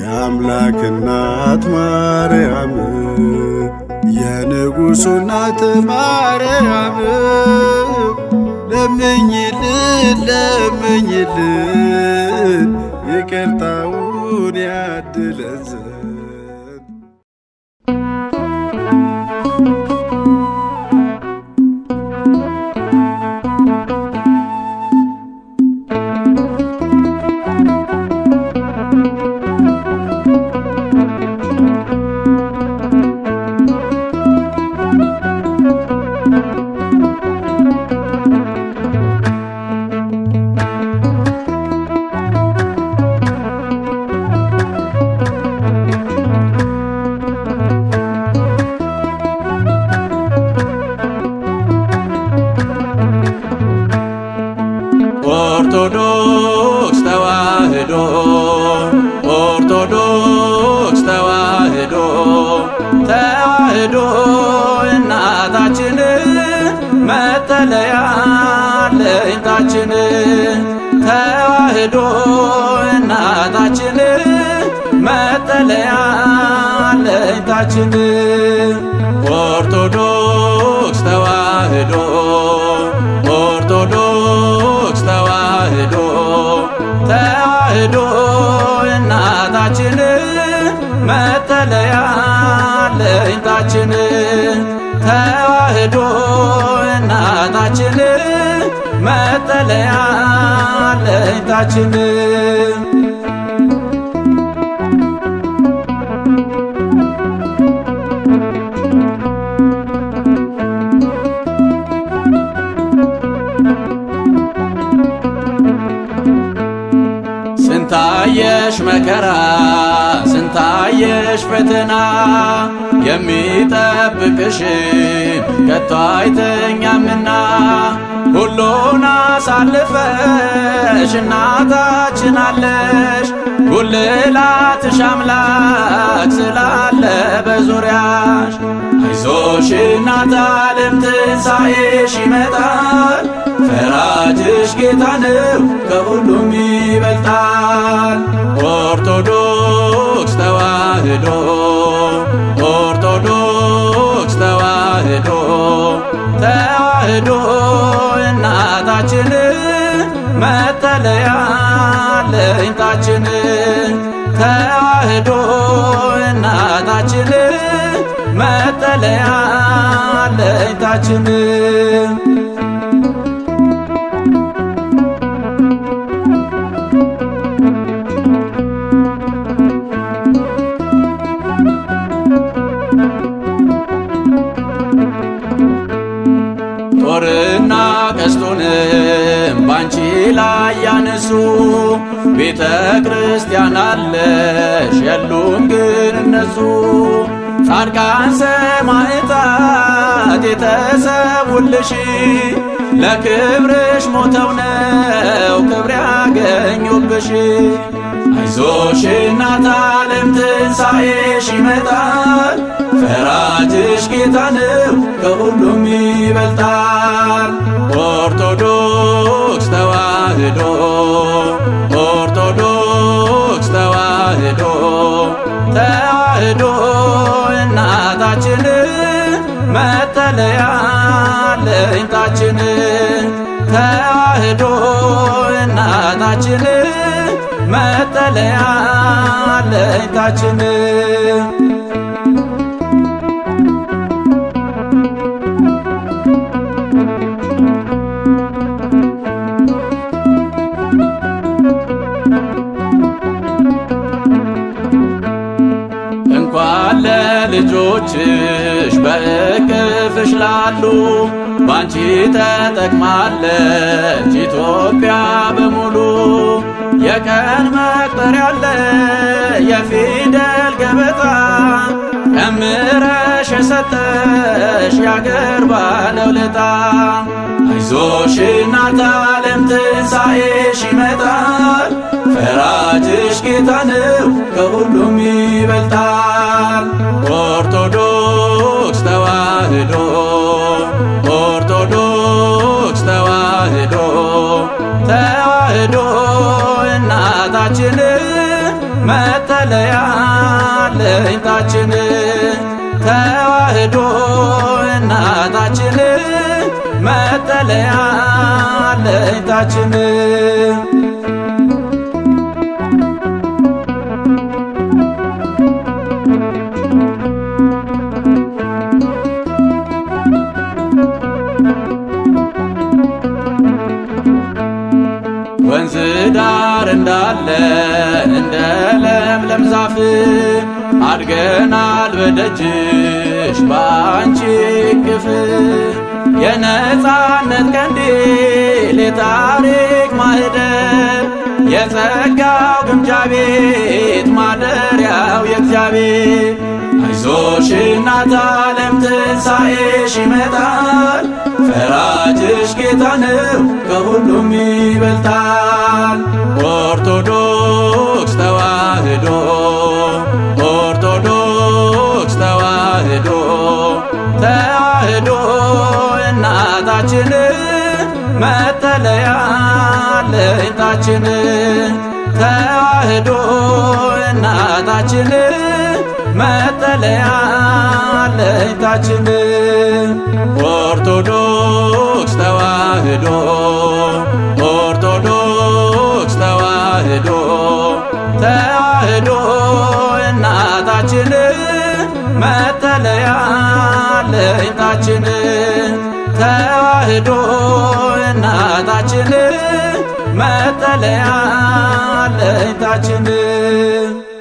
የአምላክ እናት ማርያም የንጉሡ እናት ማርያም ለምኝልን ለምኝልን ይቅርታውን ያድለን ኦርቶዶክስ ተዋህዶ ኦርቶዶክስ ተዋህዶ ተዋህዶ እናታችን መጠለያ ለይታችን ተዋህዶ እናታችን መጠለያ ለይታችን ኦርቶዶክስ መለያለ ይታችን ተዋህዶ እናታችን መጠለያ ለይታችን ስንታየሽ መከራ ስንታየሽ ፈተና የሚጠብቅሽ ከቶ አይተኛምና ሁሉን አሳልፈሽ እናታችን አለሽ ጉልላትሽ አምላክ ስላለ በዙሪያሽ አይዞሽ እናት ዓለም ትንሣኤሽ ይመጣል ፈራጅሽ ጌታ ነው ከሁሉም ይበልጣል። ኦርቶዶክስ ተዋህዶ ኦርቶዶክስ ተዋህዶ ተዋህዶ እናታችን መጠለያ ለኝታችን ተዋህዶ እናታችን መጠለያ ለኝታችን ጦርና ቀስቱንም ባንቺ ላይ ያነሱ ቤተ ክርስቲያን አለሽ የሉም ግን እነሱ ጻድቃን ሰማዕታት የተሰቡልሽ ለክብርሽ ሞተው ነው ክብር ያገኙብሽ። አይዞሽ እናት ዓለም ትንሣኤሽ ይመጣል ምራትሽ ጌታ ነው ከሁሉም ይበልጣል። ኦርቶዶክስ ተዋህዶ ኦርቶዶክስ ተዋህዶ ተዋህዶ እናታችንን መጠለያ ለእንታችንን ተዋህዶ እናታችንን መጠለያ ለእንታችንን ልጆችሽ በእቅፍሽ ላሉ ባንቺ ተጠቅማለች ኢትዮጵያ በሙሉ የቀን መቁጠሪያ አለ የፊደል ገበታ እምረሽ የሰጠሽ ያገር ባለውለታ አይዞሽ እናት ዓለም ትንሣኤሽ ይመጣል ፈራጅሽ ጌታ ነው ከሁሉም ይበልጣል። ኦርቶዶክስ ተዋህዶ ኦርቶዶክስ ተዋህዶ ተዋህዶ እናታችን መተለያ ለይታችን ተዋህዶ እናታችን መጠለያ ለይታችን ዳር እንዳለ እንደ ለምለም ዛፍ አድገናል በደጅሽ በአንቺ ክፍ የነፃነት ቀንዲል የታሪክ ማህደር የጸጋው ግምጃ ቤት ማደሪያው የእግዚአብሔር አይዞሽ እናት ዓለም ትንሣኤሽ ይመጣል ፈራጅሽ ጌታ ነው ከሁሉም ይበልጣል መጠለያለ ታችን ተዋህዶ እናታችን መጠለያ ለይታችን ኦርቶዶክስ ተዋህዶ ኦርቶዶክስ ተዋህዶ ተዋህዶ እናታችን መጠለያ ለይታችን ተዋህዶ እናታችን መጠለያ አለኝታችን